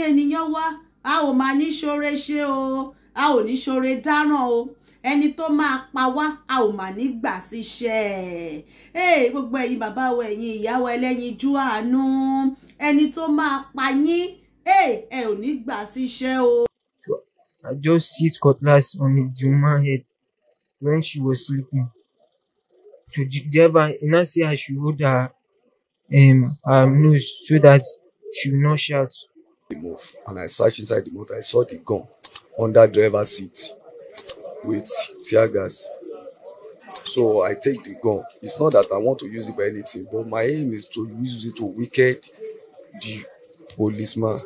ẹ̀yin ènìyàn wa a ò máa ní ṣoore ṣe o a ò ní ṣoore dáràn o ẹni tó máa pa wá a ò máa ní gbà síṣẹ́ ẹ̀ gbogbo ẹ̀yin bàbá wa ẹ̀yin ìyá wa ẹlẹ́yinjú àánú ẹni tó máa pa yín ẹ̀ ẹ̀ ò ní gbà síṣẹ́ o. I just hit cutlass on his Juma head when she was sleeping. So the driver now say I should hold her um, her nose so that she will not shout the move. And I searched inside the motor. I saw the gun under driver's seat with tear gas. So I take the gun. It's not that I want to use it for anything, but my aim is to use it to wicked the policeman.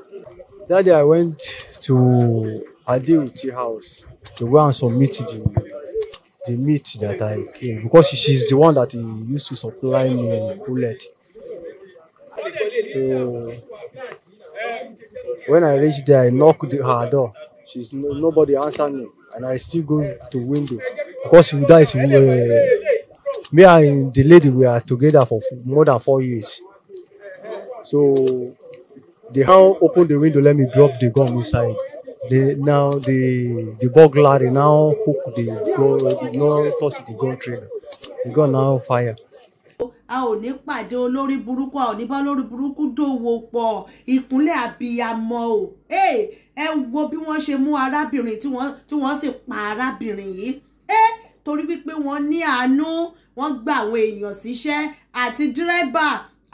That day I went to Adeuti house to go and submit the the meat that I came because she's the one that he used to supply me bullet. So When I reached there, I knock the, her door. She's no, nobody answered me, and I still go to window because with that is uh, me and the lady we are together for more than four years. So the hand open the window, let me drop the gun inside. The now the the burglar now hook the gun, no touch the gun trigger. The gun now fire a ò ní pàdé olórí burúkú a ò ní bá olórí burúkú dòwò pọ̀ ìkúnlẹ̀ àbíyamọ o ẹ ẹ wo bí wọ́n ṣe mú arábìnrin tí wọ́n sì pa arábìnrin yìí ẹ torí wípé wọ́n ní àánú wọ́n gba àwọn èèyàn síṣẹ́ àti dírẹ́bà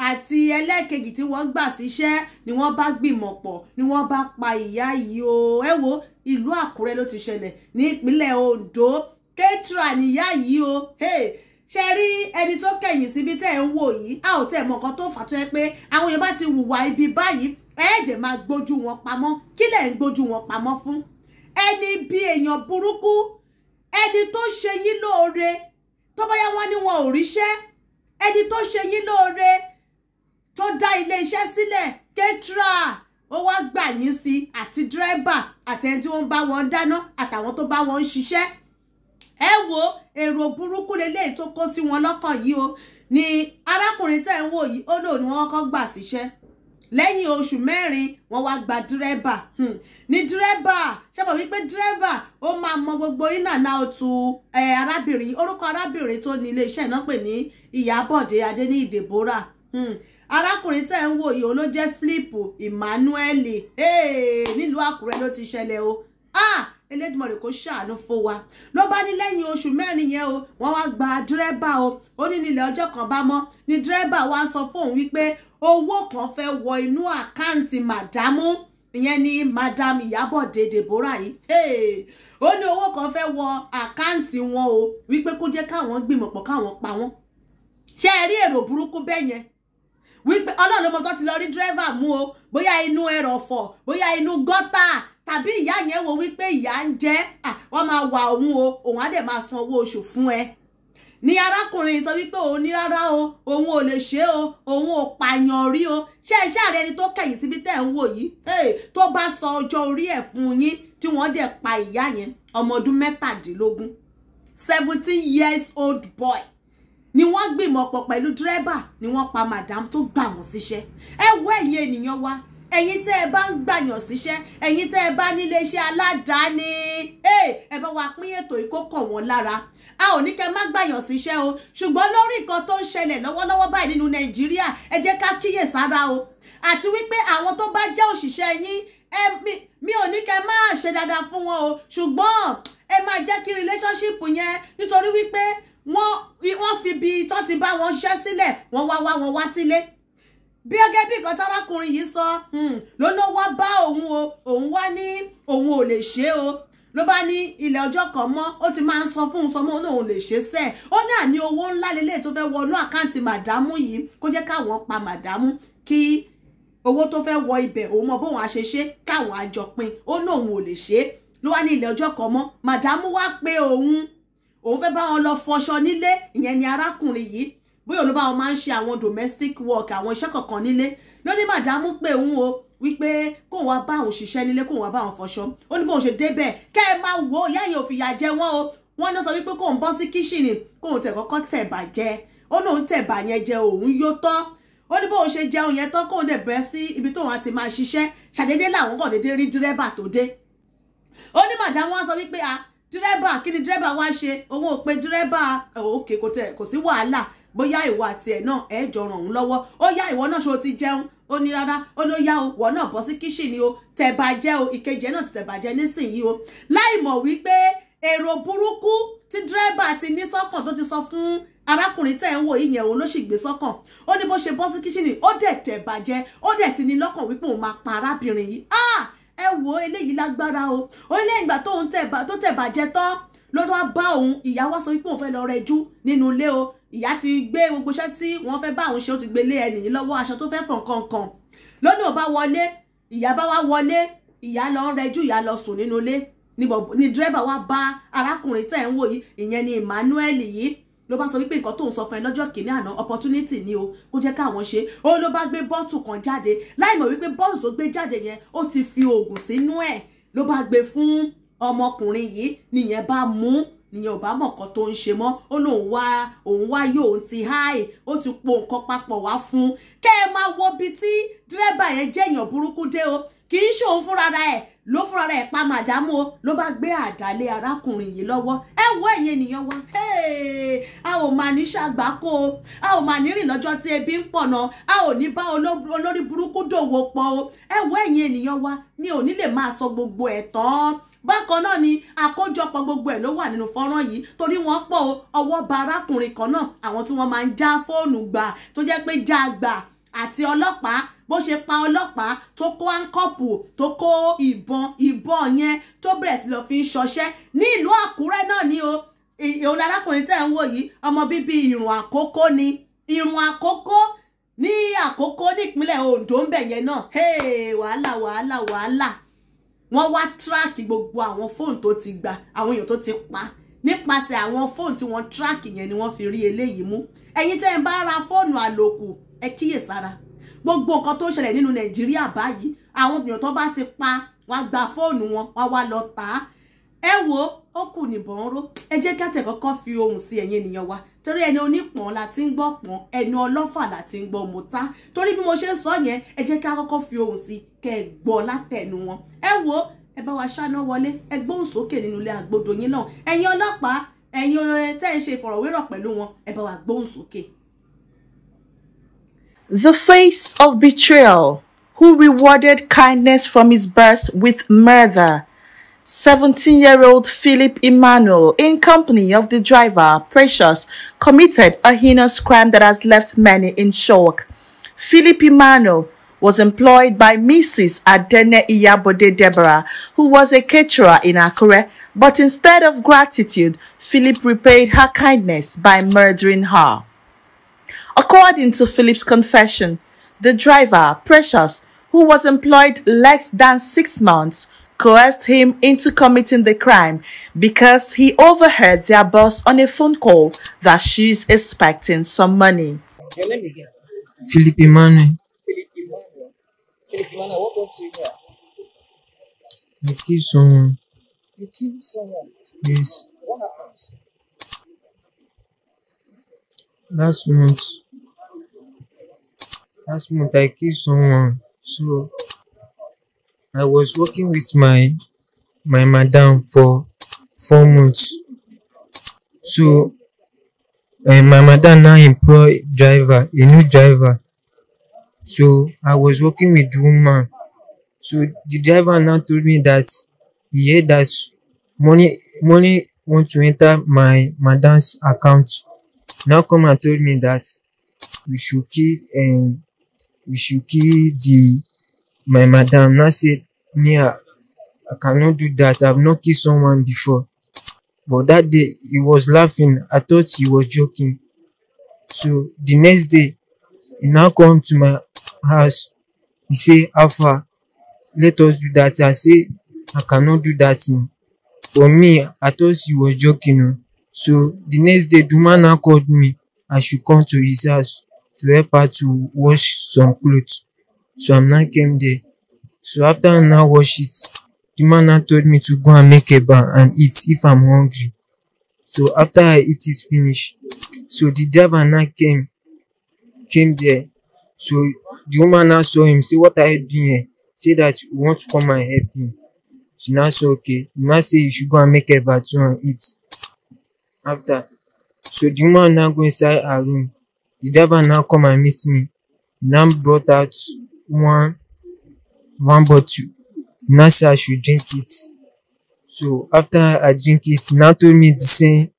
àti ẹlẹ́ẹ̀kejì tí wọ́n gbà síṣẹ́ ni wọ́n bá gbìmọ̀ pọ̀ ni wọ́n bá pa ìyá yìí o ẹ wo ìlú Àkúrẹ́ ló ti ṣẹlẹ̀ ní ìpínlẹ̀ Ondo Ketra níyà yìí o hey ṣe rí ẹni tó kẹ̀yìn síbi tẹ́ ẹ̀ ń wò yìí a ò tẹ̀ mọ̀ nǹkan tó fà tó yẹ pé àwọn èèyàn bá ti hùwà ibi báyìí ẹ̀ẹ́dẹ̀ máa gbójú wọn pamọ́ kí lẹ̀ ń gbójú wọn pamọ́ fún ẹni bí èèyàn burúkú ẹni tó ṣe yín lóore tó bóyá wọn ní wọn ò ríṣẹ́ ẹni tó ṣe yín lóore tó dá ilé iṣẹ́ sílẹ̀ kẹ́tírà ó wá gbà yín sí àti dírẹ́bà àtẹni tí wọ́n bá wọn dáná àtàwọn tó bá wọn ṣiṣẹ́ ẹ wo èrò burúkú leléyìí tó kó sí wọn lọ́kàn yìí o ni arákùnrin tẹ́ ń wò yìí ó lò ní wọ́n kọ́ gbà síṣẹ́ lẹ́yìn oṣù mẹ́rin wọ́n wá gba dírẹ́bà hmm. ní dírẹ́bà ṣẹ́bọ̀ wípé dírẹ́bà ó máa mọ gbogbo iná náà tu arábìnrin orúkọ arábìnrin tó ní iléeṣẹ́ náà pè ní Ìyábọ̀dé adé ní ìdèbóra hmm. arákùnrin tẹ́ ń wò yìí ó ló jẹ́ Flip Emmanuel nílùú Àkúrẹ́ ló ti ṣẹlẹ̀ o. Ah! Elédùmarè kò ṣàánú fún wa ló bá ní lẹ́yìn oṣù mẹ́rin yẹn o wọ́n wá gba dírẹ́bà o ó ní nílẹ̀ ọjọ́ kan bá mọ́ ni dírẹ́bà wa sọ fóun wípé owó kan fẹ́ wọ inú àkáǹtì màdámù ìyẹn ni madam Ìyábọ̀dé Deborah yìí ó ní owó kan fẹ́ wọ àkáǹtì wọn o wípé kó jẹ́ káwọn gbìmọ̀ pọ̀ káwọn pa wọ́n ṣé ẹ rí èrò burúkú bẹ́ẹ̀ yẹn wípé ọlọ́run mọ́tò ti lọ rí dírẹ́fà mú o bóyá inú ẹrọ̀fọ̀ bóyá inú gọ́tà tàbí ìyá yẹn wo wípé ìyá ń jẹ wọ́n máa wà òun o òun á dẹ̀ máa san owó oṣù fún ẹ ni arákùnrin sọ wípé òun ní rárá o òun ò lè ṣe o òun ò pààyàn rí o ṣé iṣẹ́ ààrẹ ẹni tó kẹ̀yìn síbi tẹ́ ẹ̀ ń wò yìí tó bá sọ ọjọ́ orí ẹ̀ fún yín tí wọ́n dẹ̀ pa ìyá yẹn ọmọ ọdún mẹ́tàdínlógún seventeen years old boy ni wọ́n gbìmọ̀ pọ̀ pẹ̀lú dírẹ́bà ni wọ́n pa madam tó gbà wọ́n síṣẹ́ ẹ wọ ẹ̀yin ènìyàn wa ẹ̀yin tẹ́ ẹ bá ń gbàyàn síṣẹ́ ẹ̀yin tẹ́ ẹ bá nílé iṣẹ́ aládàáni eh, ẹ bá wa pín ètò ìkókọ̀ wọn lára a ò ní kẹ́ má gbàyàn síṣẹ́ o ṣùgbọ́n lórí nǹkan tó ń ṣẹlẹ̀ lọ́wọ́lọ́wọ́ báyìí nínú nàìjíríà ẹ jẹ́ ká kíyè sára o àti wípé àwọn tó bá jẹ́ òṣìṣẹ́ yín mi ò ní kẹ́ máa ṣe dáadáa fún wọn o ṣùgbọ́n ẹ máa jẹ́ kí relationship yẹn nítorí wípé wọ́n fi bí tó ti bá wọn ṣẹ́ sílẹ̀ wọ́n wá wá wọn wá sílé. Si bí gẹ́gẹ́ bí nǹkan tárákùnrin yìí sọ hmm, ló ló wá bá òun o òun wá ní òun ò lè ṣe o ló bá ní ilẹ̀ ọjọ́ kan mọ́ ó ti máa ń sọ fún un sọ mọ́ òun lè ṣe sẹ́ ẹ̀ ó ní àní owó ńlá lélẹ̀ tó fẹ́ wọnú àkáǹtì màdámù yìí kó jẹ́ káwọn pa màdámù kí owó tó fẹ́ wọ ibẹ̀ òun mọ bóun àṣeṣe káwọn àjọpin ó ní òun ò lè ṣe ló wá ní ilẹ̀ ọjọ́ kan mọ́ màdámù wá pé òun òun fẹ́ bá wọn lọ fọṣọ nílé ìyẹn ni arákùnrin yìí bóyá olóbá wọn máa ń ṣe àwọn domestic work àwọn iṣẹ́ kọ̀ọ̀kan nílé ló ní màdámù pé òun o wípé kóun wá bá òun ṣiṣẹ́ nílé kóun wá bá òun fọṣọ ó ní bóun ṣe débẹ̀ kẹ́ ẹ máa wò ó ìyá yẹn ò fìyà jẹ wọ́n o wọ́n náà sọ wípé kóun bọ́ sí kíṣìnì kóun tẹ̀ kọ́kọ́ tẹ̀ bà jẹ ó lóun tẹ̀ bà yẹn jẹ òun yó tọ́ ó ní bóun ṣe jẹun yẹn tán kóun dẹ̀ bẹ́ sí ibi tóun àti máa ṣiṣẹ́ ṣàdédé làwọn kàn déédéé rí dírẹ́bà tó dé ó ní màdámù wá sọ wípé a dírẹ́bà kí ni dírẹ́bà wá ṣe òun ò pe dírẹ́bà òkè kò sí wàhálà bóyá ìwọ àti ẹ̀ náà ẹ̀ jọ ràn òun lọ́wọ́ ó yá ìwọ náà ṣó ti jẹun ó ní rárá ó ní ó yá o wọ̀ náà bọ́ sí kíṣìnì o tẹ̀bàjẹ́ o ìkejì náà ti tẹ̀bàjẹ́ nísìnyí o láì mọ̀ wípé èrò burúkú tí dírẹ́bà ti ní sọ́kàn tó ti sọ fún arákùnrin tẹ́ ń wò yìí yẹn òun ló sì gbé sọ́kàn ó ní bó ṣe bọ́ sí kíṣìnì ó dẹ̀ tẹ̀ bàjẹ́ ó dẹ̀ ti ní lọ́kàn wípé òun máa pa arábìnrin yìí ah ẹ wo eléyìí lágbára o ó lẹ́yìn ìgbà tóun tó tẹ̀ bàjẹ́ tán lọ́dọ̀ wá bá òun ìyá wá sọ wípé òun fẹ́ lọ rẹjú nínú ilé o ìyá ti gbé gbogbo iṣẹ́ tí wọ́n fẹ́ bá òun ṣe ó ti gbé lé ẹnìyí lọ́wọ́ aṣọ tó fẹ́ fọ̀n kankan lónìí ò bá wọlé ìyá bá wá wọlé ìyá lọ ń rẹjú ìyá lọ sùn nínú ilé ni dírẹ́bà wá bá arákùnrin tẹ̀ ń wò yìí ìyẹn ni Emmanuel yìí ló bá sọ wípé nǹkan tóun sọ fún ẹ lọ́jọ́ kìíní àná opportunity ni o kó jẹ́ káwọn ṣe ó ló bá gbé bọ́ọ̀tù kan jáde láìmọ̀ wípé bọ́ọ̀tù tó gbé jáde yẹn ó ti fi oògùn sínú ẹ̀ ló bá gbé fún ọmọkùnrin yìí nìyẹn bá mú nìyẹn ò bá mọ̀ nǹkan tó ń ṣe mọ́ ó lóun wá òun wá yóò ti háì ó ti po nǹkan papọ̀ wá fún kẹ́ ẹ máa wo ibi tí dírẹ́bà yẹn jẹ́ èèyàn burúkú dé o kì í ṣòun fúnra ẹ̀ ló fúnra ẹ̀ pa màdámù o ló bá gbé àdálé arákùnrin yìí lọ́wọ́ ẹ wo ẹ̀yin ènìyàn wa a ò máa ní ṣàgbákò o a ò máa ní rìn lọ́jọ́ tí ebi ń pọ̀ náà a ò ní bá olórí burúkú dòwò pọ̀ o ẹ wo ẹ̀yin ènìyàn wa mi ò ní lè máa sọ gbogbo ẹ̀ tán bákan náà ni àkójọpọ̀ gbogbo ẹ̀ ló wà nínú fọ́nrán yìí torí wọ́n pọ̀ ọwọ́ ba arákùnrin kan náà àwọn tí wọ́n máa ń já fóònù gbà tó jẹ́ pé já gbà àti ọlọ́pàá bó ṣe pa ọlọ́pàá tó kó áńkọ́pù tó kó ìbọn ìbọn yẹn tó bẹ̀rẹ̀ sí lọ fi ń ṣọṣẹ́ ní ìlú Àkúrẹ́ náà ni o òun arákùnrin tẹ́ ń wò yìí ọmọ bíbí ìrùn àkókó ni ìrùn àkókó ní àkókó nípínlẹ̀ Oǹdó ń bẹ̀ yẹn náà wàhálà wàhálà wàhálà wọ́n wá tíráàkì gbogbo àwọn fóònù tó ti gbà àwọn èèyàn tó ti pa nípasẹ̀ àwọn fóònù tí wọ́n tíráàkì yẹn ni wọ́n fi rí eléyìí mú ẹ̀yin tẹ́ ẹ bá ra fóònù àlòkù ẹ kíyèsára gbogbo nǹkan tó ń ṣẹlẹ̀ nínú nàìjíríà báyìí àwọn èèyàn tó bá ti pa wọ́n gba fóònù wọn wọ́n wá lọ tà á ẹ wo ó kù nìbọn ró ẹ jẹ́ kí àtẹ̀kọ́kọ́ fi ohùn sí ẹ̀yin ènìyàn wa torí ẹni onípọ̀n la ti ń gbọ́ pọ̀n ẹni ọlọ́fà la ti ń gbọ́ mọ́tá torí bí mo ṣe ń sọ yẹn ẹ jẹ́ ká kọ́kọ́ fi ohùn sí kẹ́ ẹ gbọ́ látẹnu wọn ẹ wo ẹ bá wa ṣáná wọlé ẹ gbóhùn sókè nínú ilé àgbòdo yín náà ẹ̀yin ọlọ́pàá ẹ̀yin tẹ́ ẹ ṣe ìfọ̀rọ̀wérọ̀ pẹ̀lú wọn ẹ bá wa gbóhùn sókè. The face of betrayal, who rewarded kindness from his birth with murder. 17-year-old Philip Emmanuel, in company of the driver, Precious, committed a heinous crime that has left many in shock. Philip Emmanuel was employed by Mrs. Adene Iyabode Deborah, who was a caterer in Akure, but instead of gratitude, Philip repaid her kindness by murdering her. According to Philip's confession, the driver, Precious, who was employed less than six months, coerced him into committing the crime because he overheard their boss on a phone call that she's expecting some money. Okay, money. me money. Philip Emmanuel. what brought you here? I killed someone. You killed someone? Yes. What happened? Last month. Last month I killed someone. So I was working with my my madam for four months. So uh, my madam now employ driver, a new driver. So I was working with the woman. So the driver now told me that he heard that money money want to enter my madam's account. Now come and told me that we should kill um, we should keep the my madam. Now said me, I, cannot do that. I've not kissed someone before. But that day, he was laughing. I thought he was joking. So the next day, he now come to my house. He say, Alpha, let us do that. I say, I cannot do that thing. For me, I thought he was joking. Oh. So the next day, the man now called me. I should come to his house to help her to wash some clothes. So I now came there. So after I now wash it, the man now told me to go and make a eba and eat if I'm hungry. So after I eat it finish, so the driver now came, came there. So the woman now saw him, say, what are you doing here? Say that you want to come and help me. She now said okay. Now say you should go and make eba too and eat. After, so the woman now go inside her room. The driver now come and meet me. Now brought out one one bottle. The man say I should drink it. So after I drink it, now told me the same,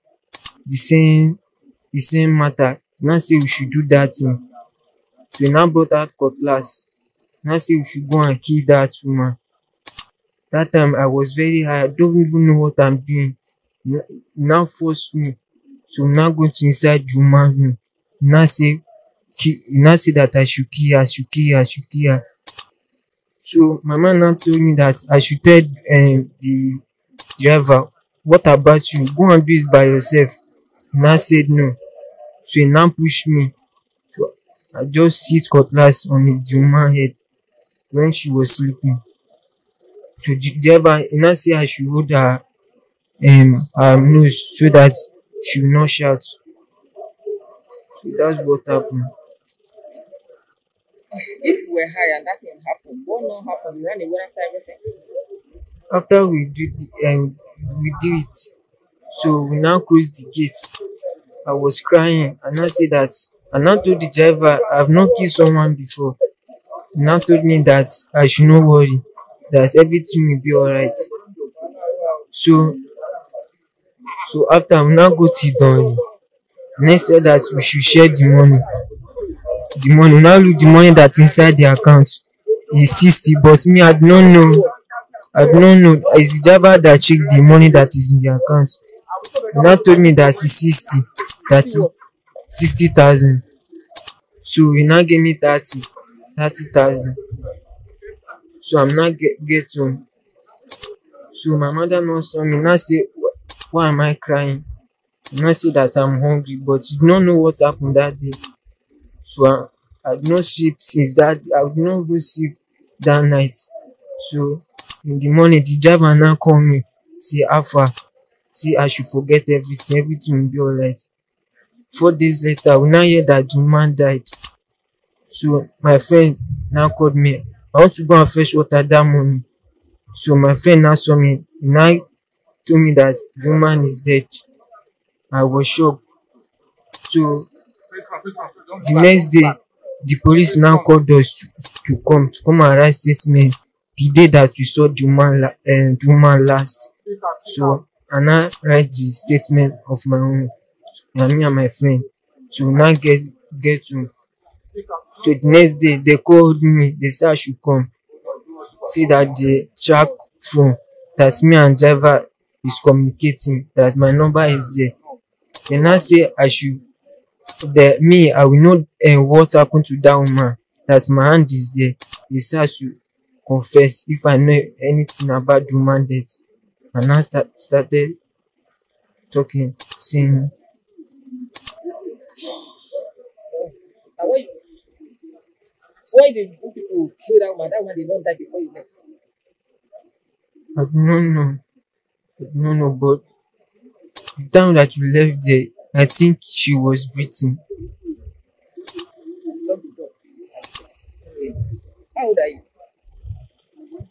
the same, the same matter. now say we should do that thing. So now brought out cutlass. now say we should go and kill that woman. That time I was very high. I don't even know what I'm doing. now force me. So now going to inside the woman room. now say, he now say that I should kill her, I should kill her, I should kill her. So Mama now told me that I should tell um, the driver, what about you? Go and do it by yourself. And I said no. So he now pushed me. So I just hit cutlass on his Juma head when she was sleeping. So the driver he now say I should hold her um her nose so that she will not shout. So that's what happened. If we were high and that thing happened, what now happened? We ran away after everything. After we do um, we do it, so we now close the gates. I was crying and I said that and I told the driver I've not killed someone before. He now told me that I should not worry, that everything will be alright. So so after we now go to Donny, next said that we should share the money the money now look the money that inside the account e is sixty but me i no know i no know it's jaba that check the money that is in the account he now told me that is sixty that is sixty thousand so he now gave me thirty thirty thousand so i'm now get get home so my mother now saw me now say why am i crying now say that i'm hungry but he no know what happened that day So I, I did not sleep since that. I did not even sleep that night. So in the morning, the driver now called me, say, Alpha, say I should forget everything. Everything will be alright. Four days later, we now hear that the man died. So my friend now called me. I want to go and fetch water that morning. So my friend now saw me. Now told me that the man is dead. I was shocked. So The next day the police now called us to, to come to come and write statement The day that we saw the man, uh, eh, the man last so i now write the statement of my own na me and my friend so now get get to. so the next day they called me they said i should come See that the track phone that me and driver is communicating that my number is there they now say i should the me i will know uh, what happened to that woman that my hand is there they say i should confess if i know anything about the woman death and i start, started talking saying So why did you people kill that woman? That woman did not die before you left. I don't know. I don't know, but the time that you left there, I think she was breathing. How old are you?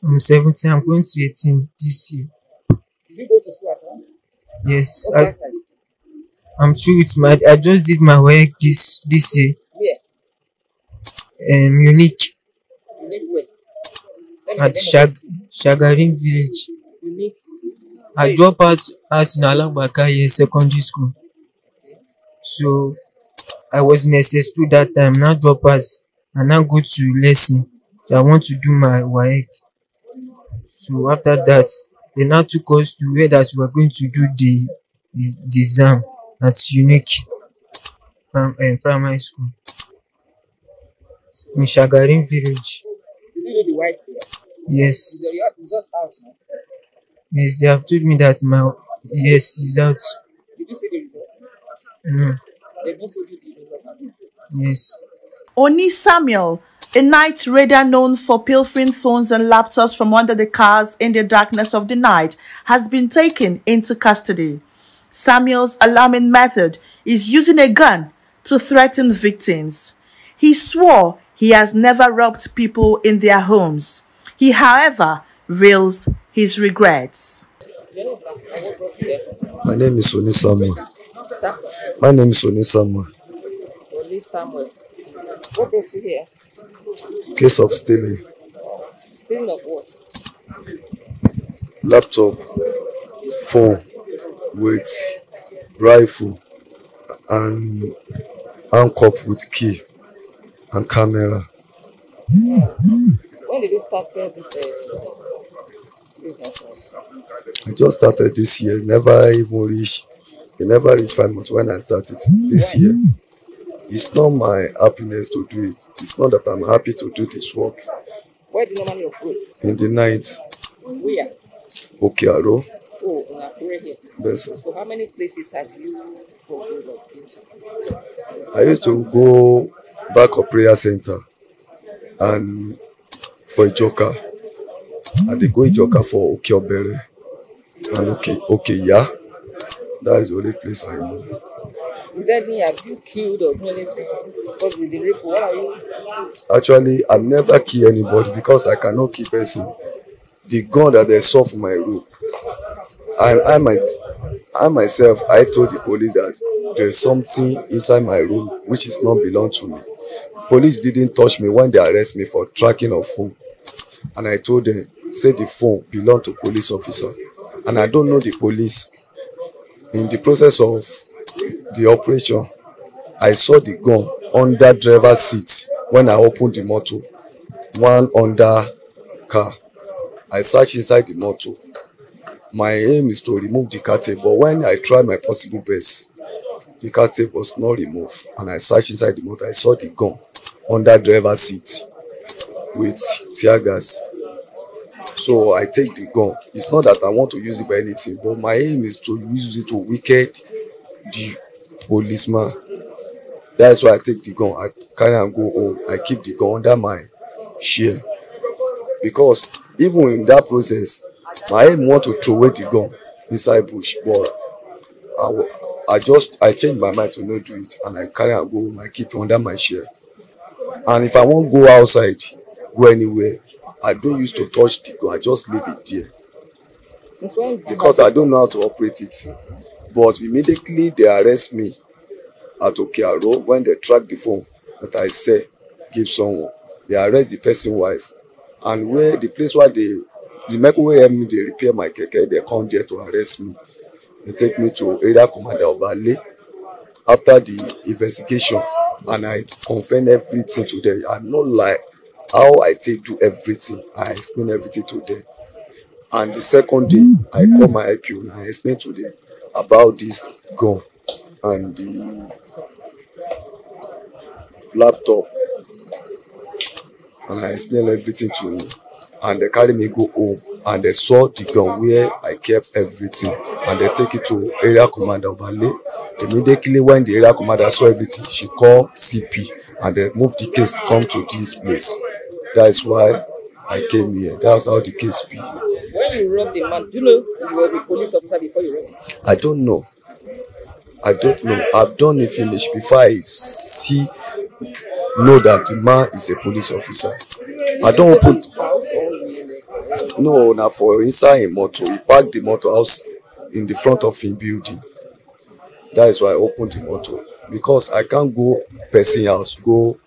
I'm 17. I'm going to 18 this year. Did you go to school at home? Yes. What I, I'm true. with my. I just did my work this this year. Where? Um, unique. Unique where? At Shag Shagarin Village. Unique. I dropped out at Nalagbaka here, secondary school. So I was in SS2 that time, now drop out and now go to lesson. So I want to do my WAEC. So after that, they now took us to where that we are going to do the the, the exam at Unique um, uh, Primary School in Shagarin Village. Did you do the white Yes. Is the result out Yes, they have told me that my yes is out. Did you see the results? Mm. Yes. Oni Samuel, a night raider known for pilfering phones and laptops from under the cars in the darkness of the night, has been taken into custody. Samuel's alarming method is using a gun to threaten victims. He swore he has never robbed people in their homes. He, however, reels his regrets. My name is Oni Samuel. sir? My name is Oni Samuel. Oni Samuel. What brought you here? Case of stealing. Stealing of what? Laptop, phone, with rifle, and handcuff with key and camera. When did you start here this uh, business? I just started this year, never even reached It never reached five months when I started this year. It's not my happiness to do it. It's not that I'm happy to do this work. Where do you normally operate? In the night. Where? Okiaro. Oh, in Akure here. Yes, sir. So how many places have you I used to go back of prayer center and for a joker. I dey go Ijoka for Okeobere and Oke Okeya. Okay, okay, yeah. That is the only place I know. Is that me? have you killed or do anything? Because with the rape, what are you? Actually, I never kill anybody because I cannot kill person. The gun that they saw for my room, I, I, might, I myself, I told the police that there is something inside my room which is not belong to me. Police didn't touch me when they arrest me for tracking of phone. And I told them, say the phone belong to police officer. And I don't know the police in the process of the operation i saw the gun under driver seat when i opened the motor one under car i search inside the motor my aim is to remove the car tape but when i try my possible best the car tape was not removed and i search inside the motor i saw the gun under driver seat with tear gas So I take the gun. It's not that I want to use it for anything, but my aim is to use it to wicked the policeman. That's why I take the gun. I carry and go home. I keep the gun under my chair. Because even in that process, my aim want to throw away the gun inside bush, but I, I just I change my mind to not do it and I carry and go home. I keep it under my chair. And if I won't go outside, go anywhere, I don't use to touch the gun. I just leave it there. Because I don't know how to operate it. But immediately they arrest me at Okearo when they track the phone that I say give someone. They arrest the person wife. And where the place where they the microwave me they repair my keke They come there to arrest me They take me to area commander obale after the investigation and i confirm everything to them i no lie how I take do everything. I explain everything to them. And the second day, I call my IPO and I explain to them about this gun and the laptop. And I explain everything to them. And they carry me go home and they saw the gun where I kept everything and they take it to area commander Obale. Immediately when the area commander saw everything, she called CP and they moved the case to come to this place. That is why I came here. That's how the case be. When you robbed the man, do you know he was a police officer before you robbed him? I don't know. I don't know. I've done a finish before I see know that the man is a police officer. I don't open. No, now for inside a motor, he parked the motor house in the front of him building. That is why I opened the motor because I can't go person house go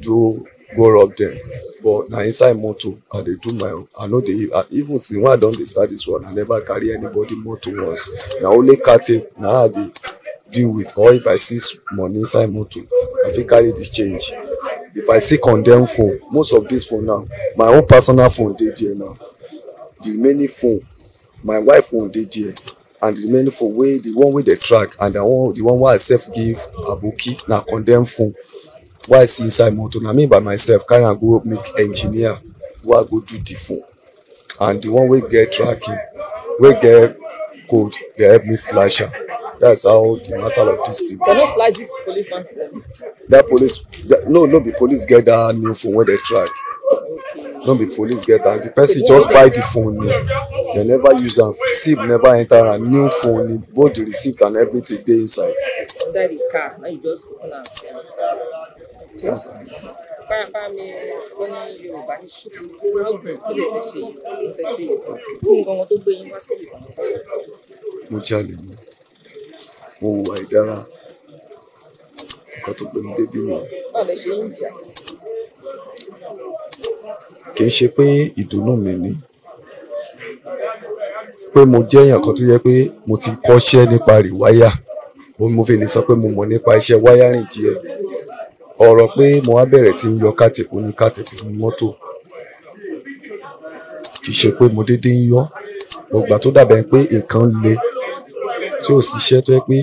do go rob them, but now inside moto i they do my own i no dey even since when i done dey start this one i never carry anybody moto once Now only car Now i dey deal with or if i see money inside moto, i think carry the change if i see condemned phone most of this phone now my own personal phone dey there now the remaining phone my wife phone dey there and the remaining phone way the one with the track and the one the one wey i sef give aboki now condemn phone why see inside motor na me by myself carry am go make engineer wey go do the phone and the one wey get tracking wey get code dey help me flash am that's how the matter of this thing. dem no fly this police van. that police that, no no be police get that new phone wey dey track no be police get that. the person just buy the phone new dem never use am sim never enter am new phone new both the receipt and everything dey inside. Under the car na you just open am sell bá mi sọ ní yorùbá ní ṣùkú lọ́gùn kó lè tẹ̀ ṣe tẹ̀ ṣe nǹkan wọn tó gbé yín wá sí ìlú. mo jalè ni mo hùwà ìdára nǹkan tó gbé débi mi. kì í ṣe pé ìdùnnú mi ni pé mo jẹ́ èèyàn kan tó yẹ pé mo ti kọ́ṣẹ́ nípa rìwáyà mo fi lè sọ pé mo mọ̀ nípa iṣẹ́ wáyárìn díẹ̀ ọ̀rọ̀ pé mo wá bẹ̀rẹ̀ tí ń yọ kátìkù ní kátìkù ní mọ́tò kì í ṣe pé mo déédéé ń yọ gbogbo tó dàbẹ̀ pé nǹkan le tí ò sí iṣẹ́ tó yẹ pé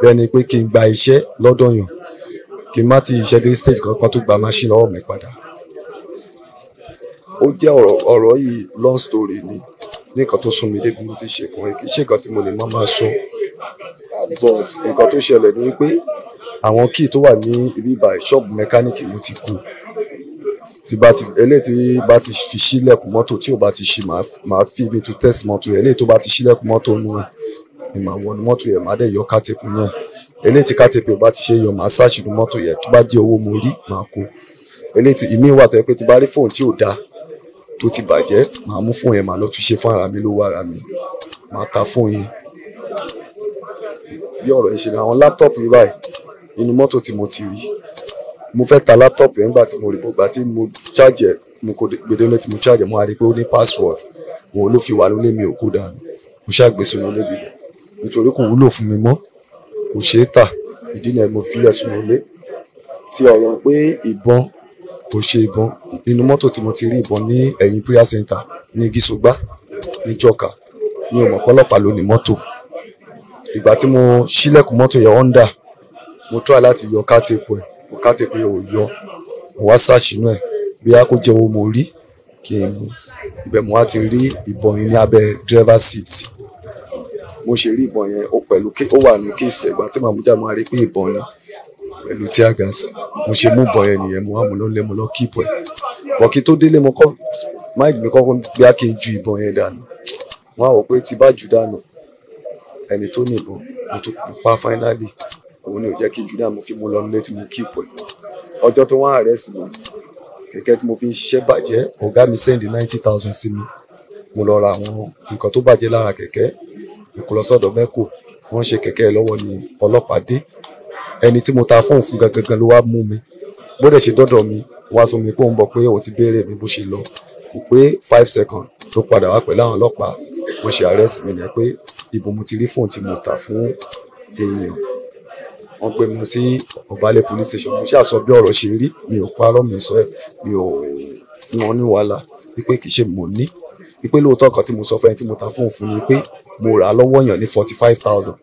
bẹ́ẹ̀ ni pé kí n gba iṣẹ́ lọ́dọ̀ kí n má ti iṣẹ́ dé stage kankan tó gba machine lọ́wọ́ mi padà ó jẹ́ ọ̀rọ̀ yìí long story ni ní nǹkan tó sún mi débi mo ti ṣe kùnrin kì í ṣe nǹkan tí mo lè má máa sọ but nǹkan tó ṣẹlẹ̀ ni pé àwọn kíì tó wà ní ibi ìbà ṣọ́ọ̀bù mẹkáníìkì ló ti kú tí bá ti eléyìí tí bá ti fi sílẹ̀kùn mọ́tò tí ò bá ti ṣe máa fi ibi tó test mọ́tò eléyìí tó bá ti sílẹ̀kùn mọ́tò nù rẹ̀ ni màá wọnú mọ́tò yẹn màá dẹ̀ yọ kátẹ́pù náà eléyìí tí kátẹ́pù bá ti ṣe yọ màá ṣàṣìlú mọ́tò yẹn tó bá jẹ́ owó mo rí màá kó eléyìí tí ìmí wà tó yẹ pé ti bá rí fóònù tí ò dáa tó ti bàjẹ́ màá mú fóònù yẹn màá lọ tún ṣe fún ara mi lówó ara mi màá ta fóònù yẹn bí ọ̀rọ̀ yìí inú mọ́tò tí mo ti rí mo fẹ́ ta laptop yẹn nígbà tí mo rí gbogbo àti mo charge ẹ̀ mo kò gbèdé lẹ́tí mo charge mo rí pé ó ní password wọn ló fi wà lólé mi ò kó dànù mo ṣàgbèsè wọn lébi rẹ̀ nítorí kò wúlò fún mi mọ́ kò ṣeé tà ìdí náà mo filẹ̀ sínú ilé tí ọ̀rọ̀ pé ìbọn kò ṣe ìbọn inú mọ́tò tí mo ti rí ìbọn ní ẹ̀yìn prayer center ní Gísógbá ní Jọ̀ka mi ò mọ̀ ló ní mọ́tò ìgbà tí mo ṣílẹ̀kùn mọ́tò yẹn Honda mo try láti yọ kátẹ́pù ẹ̀ kátẹ́pù ẹ̀ ò yọ mo wá search inú ẹ̀ bóyá kó jẹ́ owó mo rí kí n mú ibẹ̀ mo wá ti rí ìbọn yẹn ní abẹ́ driver seat mo ṣe rí ìbọn yẹn ó pẹ̀lú ó wà ní kéèsì ẹ̀gbá tí màmú jà máa rí pé ìbọn ni pẹ̀lú tear gas mo ṣe mú ìbọn yẹn nìyẹn mo wá mo lọ lé mo lọ kíìpù ẹ̀ bọ̀kí tó délé mo kọ́ máìkì mi kọ́kọ́ bóyá kí n ju ìbọn yẹn dànù wọ́n á wò pé ti bá jù dànù ẹni tó ní ìbọn mo tún pa finally òun ni ò jẹ́ kí Julian mo fi mú lọ nílé tí mo kí ipò ẹ̀ ọjọ́ tó wọ́n àrẹ́sì mi kẹ̀kẹ́ tí mo fi ń ṣiṣẹ́ bàjẹ́ ọ̀gá mi sẹ́ndì ninety thousand sí mi mo lọ ra àwọn nǹkan tó bàjẹ́ lára kẹ̀kẹ́ mo kò lọ sọ́dọ̀ mẹ́kò wọ́n ṣe kẹ̀kẹ́ lọ́wọ́ ni ọlọ́pàá dé ẹni tí mo ta fóònù fún gangan ló wá mú mi bó dẹ̀ ṣe dọ́dọ̀ mi wá sọ mi pé òun bọ̀ pé òun ti béèrè mi bó ṣe lọ kò pé five seconds tó padà wá pẹ̀lú àwọn ọlọ́pàá wọ́n ṣe àrẹ́sì mi nìyẹn pé ìbò ti rí fóònù tí mo ta fún èèyàn wọ́n pè mí sí ọ̀bálẹ̀ police station mo ṣáà sọ bí ọ̀rọ̀ ṣe rí mi ò parọ́ mi sọ ẹ̀ mi ò fún wọn ní wàhálà wípé kì í ṣe mo ní wípé lóòótọ́ kan tí mo sọ fún tí mo ta fóònù fún ni pé mo rà á lọ́wọ́ èèyàn ní forty five thousand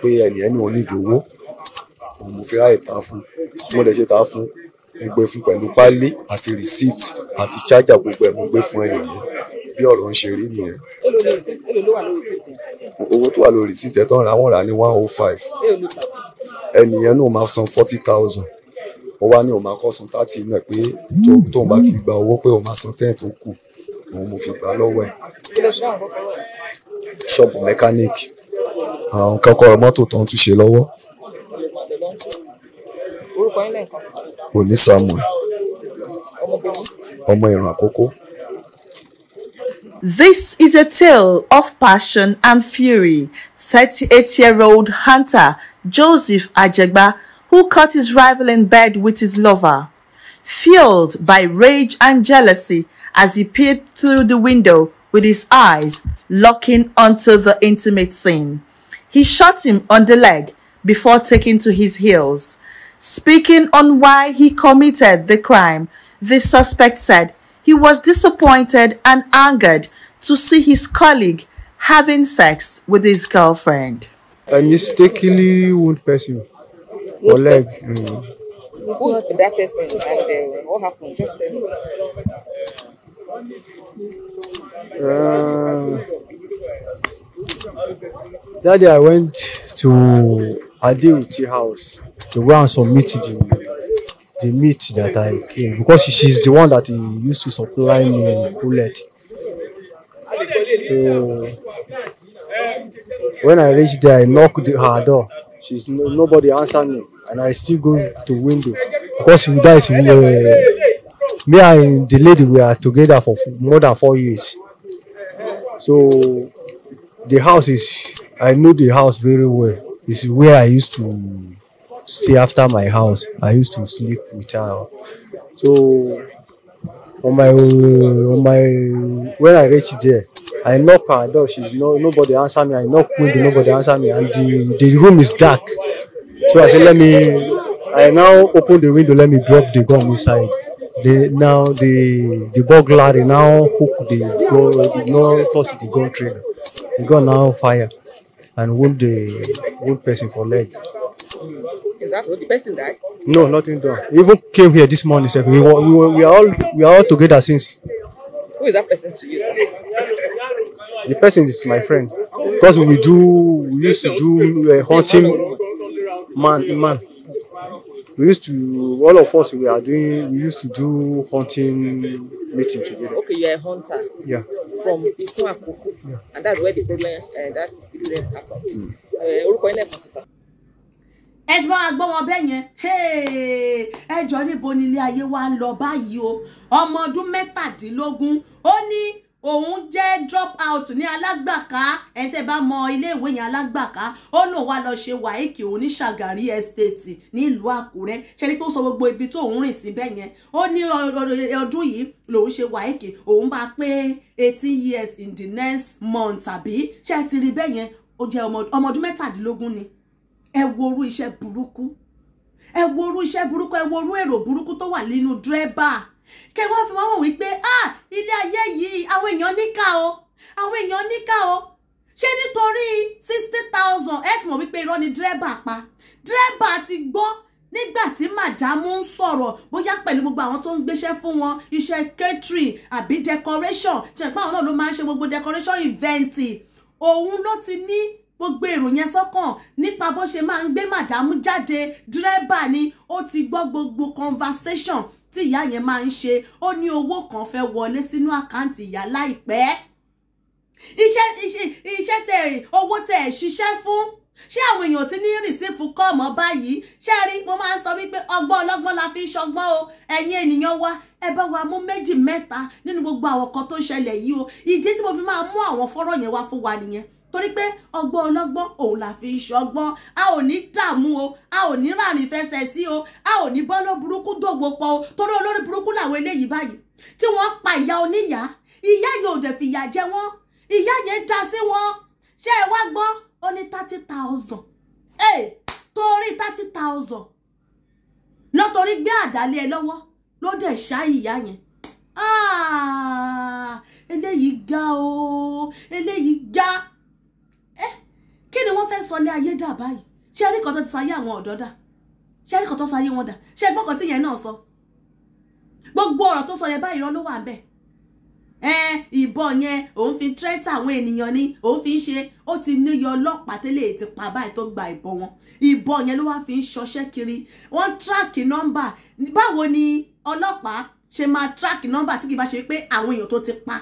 pé ẹnì ẹni òun nídìí owó òun mo fi ráàyè ta fún mo dẹ̀ ṣe ta fún mo gbé fún pẹ̀lú pálí àti receipt àti charger gbogbo ẹ̀ mo gbé fún ẹnì yẹn bí ọ̀rọ̀ ń ṣe rí nìyẹn. owó tó wà lórí receipt ẹ̀ tán ra wọ́n rà ní one oh five ẹnìyẹn náà máa san forty thousand ó wá ní òun máa kọ́ san thirty náà pé tóun bá ti gba owó pé òun máa san ten tó kù òun mo fi gbà lọ́wọ́ ẹ̀ ṣọ́ọ̀bù mẹkáníìkì àwọn kọ́kọ́rọ́ mọ́tò tó ń túnṣe lọ́wọ́ òní Samuel ọmọ ìran àkókò. This is a tale of passion and fury. 38-year-old Hunter Joseph Ajegba, who caught his rival in bed with his lover. Fueled by rage and jealousy as he peered through the window with his eyes locking onto the intimate scene, he shot him on the leg before taking to his heels. Speaking on why he committed the crime, the suspect said he was disappointed and angered to see his colleague having sex with his girlfriend. I mistakenly wound person for leg. Mm. Who is that person and uh, what happened? Just tell me. Uh, that day I went to Adeuti house to go and submit the the meat that I came because she's the one that he used to supply me bullet. So, When I reach there, I knock the her door. She's no, nobody answering, me, and I still go to window because with that is uh, me and the lady we are together for more than four years. So the house is I know the house very well. It's where I used to stay after my house. I used to sleep with her. So on my on my when I reached there, I knock her door. She's no nobody answer me. I knock window, nobody answer me, and the the room is dark. So I said, let me. I now open the window. Let me drop the gun inside. The now the the burglar now hook the gun, no touch the gun trigger. The gun now fire and wound the wound person for leg. Is that what the person died? No, nothing done. He even came here this morning. Sir. We, we, were, we are all we are all together since. Who is that person to you, sir? the person is my friend because we do we used to do uh, hunting man man we used to all of us we are doing we used to do hunting meeting together. okay you are a hunter. yeah. from Ikun yeah. and that's where the problem uh, that incident happened. Mm. Uh, orúkọ ilé ẹ̀kọ́ sísá. ẹ ti máa gbọ́ wọn bẹ́ẹ̀ yẹn ẹ jọ níbo ni ayé wa ń lọ báyìí o ọmọ ọdún mẹ́tàdínlógún ó ní òun jẹ́ drop out ní alágbàká ẹni tẹ́ bá mọ iléèwé yẹn alágbàká ó lòun wá lọ ṣe wàhíkì òun ní ṣàgàrí estate nílùú àkúrẹ́ ṣe ni pé ó sọ gbogbo ibi tó òun rìn síbẹ̀ yẹn ó ní ọdún yìí lòun ṣe wàhíkì òun bá pé eighteen years in the next month tàbí ṣe ti rí bẹ́ẹ̀ yẹn ó jẹ́ ọmọ ọdún mẹ́tàdínlógún ni ẹ wo orú iṣẹ́ burúkú ẹ wo orú iṣẹ́ burúkú ẹ wo orú èrò burúkú tó wà nínú dírẹ́bà kẹ wá fi wá wọ̀ wípé ah ilé ayé yìí àwọn èèyàn níkà o àwọn èèyàn níkà o ṣé nítorí sixty thousand ẹ ti mọ̀ wípé irọ́ ni dírẹ́bà pa dírẹ́bà ti gbọ́ nígbà tí màdámù ń sọ̀rọ̀ bóyá pẹ̀lú gbogbo àwọn tó ń gbéṣẹ́ fún wọn iṣẹ́ catering àbí decoration ṣe pé àwọn náà ló máa ń ṣe gbogbo decoration event òun ló ti ní gbogbo èrò yẹn sọ́kàn nípa bó ṣe máa ń gbé màdámù jáde dírẹ́bà ni ó ti gbọ́ gbogbo conversation tí ìyá yẹn máa ń ṣe ó ní owó kan fẹ́ wọlé sínú àkáǹtì ìyá láìpẹ́ iṣẹ́ iṣẹ́ tẹ owó tẹ ẹ̀ ṣiṣẹ́ fún ṣé àwọn èèyàn ti ní rìsífù kọ́ọ̀mọ́ báyìí ṣé rí mo máa ń sọ wípé ọgbọ́n ọlọ́gbọ́n la fi ń ṣọgbọ́n o ẹ̀yin ènìyàn wa ẹ bá wa mú méjì mẹ́ta nínú gbogbo àwọn kan tó ń ṣẹlẹ̀ yìí o ìdí tí mo fi máa mú àwọn fọ́rọ̀ yẹn wá fún wa nìyẹn torí pé ọgbọ́n ọlọ́gbọ́n òun là fi ṣọgbọ́n a ò ní dààmú o a ò ní ràrìn fẹsẹ̀ sí o a ò ní bọ́ ló burúkú dògbò pọ̀ o torí olórí burúkú làwọn eléyìí báyìí tí wọ́n pa ìyá oníyàá ìyá yóò dẹ̀ fìyà jẹ wọ́n ìyá yẹn dá sí wọn ṣé ẹ wá gbọ́ ó ní thirty thousand ẹ torí thirty thousand lọ́tọ́rí gbé àdálẹ́ ẹ lọ́wọ́ ló dẹ̀ ṣá ìyá yẹn ah, eléyìí ga o eléyìí ga kí ni wọ́n fẹ́ sọ ní ayé dà báyìí ṣé ẹ rí kan tó ti sọ ayé àwọn ọ̀dọ́ dà ṣé ẹ rí kan tó sọ ayé wọn dà ṣé ẹ gbọ́ kan tí yẹn náà sọ gbogbo ọ̀rọ̀ tó sọ yẹn báyìí rán ló wà bẹ́ẹ̀ ẹn ìbọn yẹn òun fi tírẹ́tà àwọn ènìyàn ni òun fi ń ṣe ó ti níyọ ọlọ́pàá tẹ́lẹ̀ ti pa báyìí tó gba ìbọn wọn ìbọn yẹn ló wá fi ń ṣọṣẹ́ kiri wọ́n tíráàkì nọ́mbà báwo ni ọlọ́pàá ṣe máa tíráàkì nọ́mbà tí kì bá ṣe pé àwọn èèyàn tó ti pa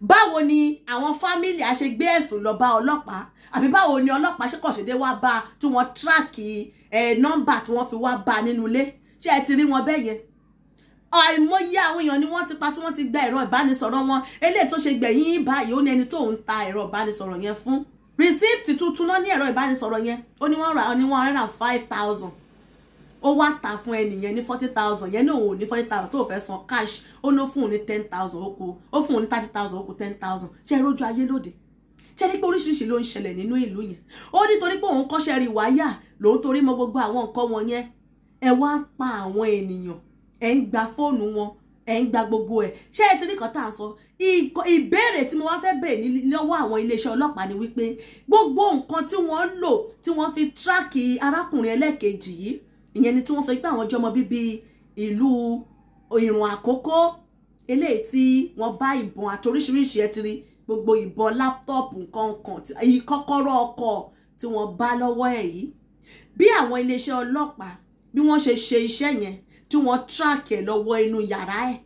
báwo ni àwọn fámìlì a ṣe gbé ẹ̀sùn lọ bá ọlọ́pàá àbí báwo ni ọlọ́pàá ṣe kọ̀ṣẹ́dé wá bá a tí wọ́n tíráàkì nọ́mbà tí wọ́n fi wá bá a nínú ilé ṣé ẹ ti rí wọn bẹ́ẹ̀ yẹn àìmọye àwọn èèyàn ni wọ́n ti pa tí wọ́n ti gba ẹ̀rọ ìbánisọ̀rọ̀ wọn eléyìí tó ṣe gbẹ̀yìn báyìí ó ní ẹni tó ń ta ẹ̀rọ ìbánisọ̀rọ̀ yẹn fún rìsíìtì tuntun náà ní ẹ̀rọ ìbánisọ̀rọ̀ yẹn ó ní wọ́n rà á ní wọ́n rà five thousand ó wá ta fún ẹnìyẹn ní forty thousand yẹn náà ò ní forty thousand tó fẹ́ san cash ó ná fún òun ní ten thousand oko kù ó fún òun ní thirty thousand oko ten thousand ṣe é rójú ayé lóde ṣe ní pé oríṣiríṣi ló ń ṣẹlẹ̀ nínú ìlú yẹn ó nítorí pé òun kọ́ṣẹ́ rí wáyà lòun torí mọ gbogbo àwọn nǹkan wọn yẹn ẹ wá ń pa àwọn ènìyàn ẹ ń gba fóònù wọn ẹ ń gba gbogbo ẹ ṣé ẹ ti rí kan tá à sọ ìbéèrè tí mo wá fẹ́ béèrè lọ́wọ́ àwọn iléeṣẹ́ ọlọ́pàá ni wípé gbogbo nǹkan tí wọ́n ń lò tí wọ́n fi tíráàkì arákùnrin ẹlẹ́ẹ̀kejì yìí ìyẹn ni tí wọ́n sọ pé àwọn jọmọ bíbí ìlú ìrùn àkókò eléyìí tí wọ́n bá ìbọn àtoríṣiríṣi ẹ ti rí gbogbo ìbọn láptọ̀pù nǹkan kan kọ́kọ́rọ́ ọkọ̀ tí wọ́n bá lọ́wọ́ ẹ̀ yìí bí àwọn iléeṣẹ́ ọlọ́pàá bí wọ́n ṣe ṣe iṣẹ́ yẹn tí wọ́n tíráàkì ẹ̀ lọ́wọ́ inú yàrá ẹ̀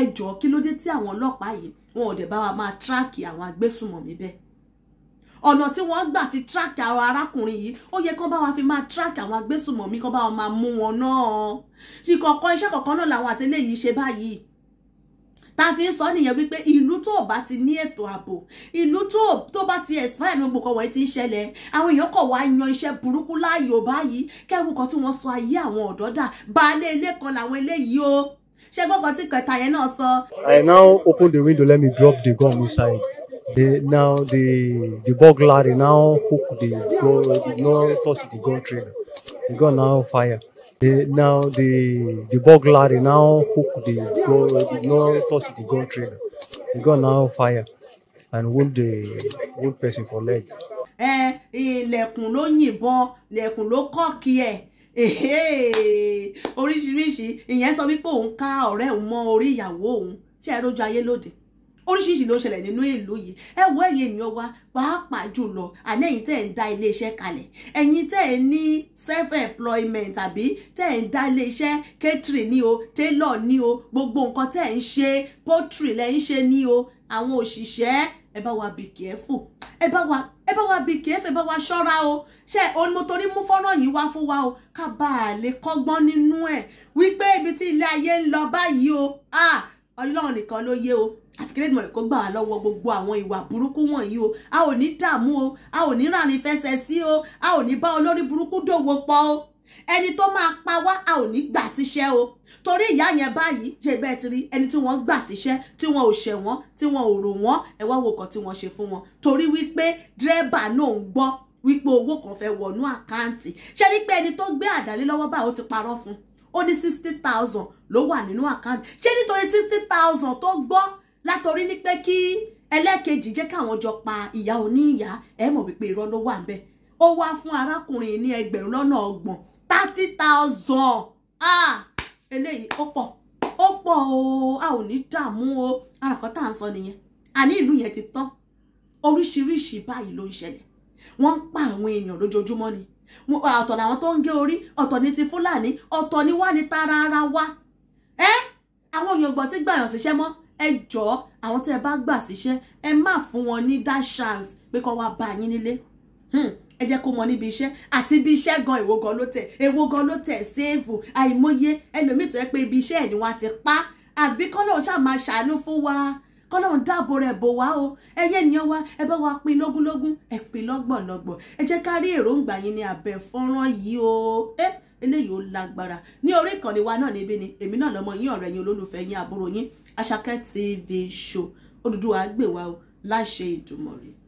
ẹ jọ̀ọ́ kí ló dé tí àwọn ọlọ́pàá yìí wọn ò dẹ̀ bá wa máa tíráàkì àwọn agbésùnmọ̀mí bẹ́ẹ̀ ọ̀nà tí wọ́n gbà fi track àwọn arákùnrin yìí ó yẹ kán bá wa fi máa track àwọn agbésùmọ̀mí kán bá wa máa mú wọn náà ìkọ̀kọ̀ iṣẹ́ kọ̀ọ̀kan náà làwọn àti eléyìí ṣe báyìí ta fi ń sọ nìyẹn wípé ìlú tó bá ti ní ètò ààbò ìlú tó bá ti expire ní gbogbo wọ̀nyí ti ń ṣẹlẹ̀ àwọn èèyàn kọ̀ wá yan iṣẹ́ burúkú láàyò báyìí kẹ́wù kan tí wọ́n sọ ayé àwọn ọ̀dọ́ dà baálé ilé kan làwọn eléyìí o ṣé gbọ́ngàn tí kẹta yẹn náà sọ. I now open the window let me drop the gun inside. The, now the the burglary now hook the gun, no touch the gun trigger. The gun now fire. The, now the the burglary now hook the gun, no touch the gun trigger. The gun now fire and wound the wound person for leg. ẹ ilẹ̀kùn ló yìnbọn ilẹ̀kùn ló kọ́ọ̀kì ẹ̀ oríṣiríṣi ìyẹn sọ wípé òun ká ọ̀rẹ́ òun mọ orí ìyàwó òun ṣe é rójú ayé lóde oríṣiríṣi ló ń ṣẹlẹ̀ nínú ìlú yìí ẹ wọ ẹ̀yin ènìyàn wa pàápàá jùlọ àná ẹ̀yin tẹ́ ń dá iléeṣẹ́ kalẹ̀ ẹ̀yin tẹ́ ẹ̀ ní self employment àbí tẹ́ ẹ̀ ń dá iléeṣẹ́ catering ni o tailor ni o gbogbo nǹkan tẹ́ ẹ̀ ń ṣe poultry lẹ́ ń ṣe ni o àwọn òṣìṣẹ́ ẹ bá wa be careful ẹ bá wa ẹ bá wa be careful ẹ bá wa ṣọ́ra o ṣe onímọ̀tòrí mú fọ́nrán yìí wá fún wa o ká bá a lè kọ́gbọ́n nínú ẹ̀ wípé ibi tí ilé ayé ń lọ báyìí o ọlọ́run nìkan ló yé o àfi kílẹ̀ ìmọ̀lẹ̀ kó gbà wá lọ́wọ́ gbogbo àwọn ìwà burúkú wọ̀nyí o a ò ní dààmú o a ò ní rànrin fẹsẹ̀ sí o a ò ní bá olórí burúkú dòwò pọ̀ o ẹni tó máa pa wá a ò ní gbà síṣẹ́ o torí ìyá yẹn báyìí ṣe bẹ́ẹ̀ ti rí ẹni tí wọ́n gbà síṣẹ́ tí wọ́n ò ṣẹ̀ wọ́n tí wọ́n ò rò wọ́n ẹ wá wo nǹkan tí wọ́n ṣe fún wọn torí wípé dírẹ́bà náà ń gbọ́ wípé owó kan fẹ́ wọnú àkáǹtì ṣe rí pé ẹni tó gbé àdálé lọ́wọ́ báyìí ó ti parọ́ fún ó ní sixty thousand ló wà nínú àkáǹtì ṣé nítorí sixty thousand tó gbọ́ látọrí ní pé kí ẹlẹ́ẹ̀kejì jẹ́ káwọn jọ pa ìyá oníyá ẹ mọ̀ wípé irọ́ ló wà ńbẹ̀ ó wá fún arákùnrin ní ẹgbẹ̀rún lọ́nà ọgbọ̀n thirty thousand ah eléyìí ó pọ̀ ó pọ̀ o a ò ní dààmú o àràkọ́ tá à ń sọ nìyẹn àní ìlú yẹn ti tán oríṣiríṣi báyìí ló ń ṣẹlẹ̀ wọ́n ń pa àwọn èèyàn lójoojúmọ́ ni ọ̀tọ̀ làwọn tó ń gé orí ọ̀tọ̀ ni ti fúlàní ọ̀tọ̀ ni wá ní tara ara wa ẹ́ àwọn èèyàn gbọ́n ti gbàyàn síṣẹ́ mọ́ ẹ jọ̀ọ́ àwọn tẹ́ ẹ bá gbà síṣẹ́ ẹ má fún wọn ní that chance pé kó wá bá yín nílé hmm, ẹ jẹ́ kó mọ níbi iṣẹ́ àti ibi iṣẹ́ gan èwo gan ló tẹ̀ èwo gan ló tẹ̀ séèfù àìmọye ẹlòmíì tó yẹ pé ibi iṣẹ́ ẹ̀ ni wọ́n ti pa àbí kọ́lọ́run ṣáà máa ṣàánú fún wa kọ́lọ́run dáàbò rẹ̀ bò wá o ẹyẹ ènìyàn wa ẹ bá wa pín lógúnlógún ẹ pín lọ́gbọ̀nlọ́gbọ̀n ẹ jẹ́ ká rí èròǹgbà yín ní abẹ́ fọ́nrán yìí o. Eh? eléyìí ó lágbára ní orí ìkànnì wa náà níbí ni èmi náà lọmọ yín ọ̀rẹ́ yín olólùfẹ́ yín àbúrò yín Àṣàkẹ́ TV show Odùduwà gbè wá o láṣẹ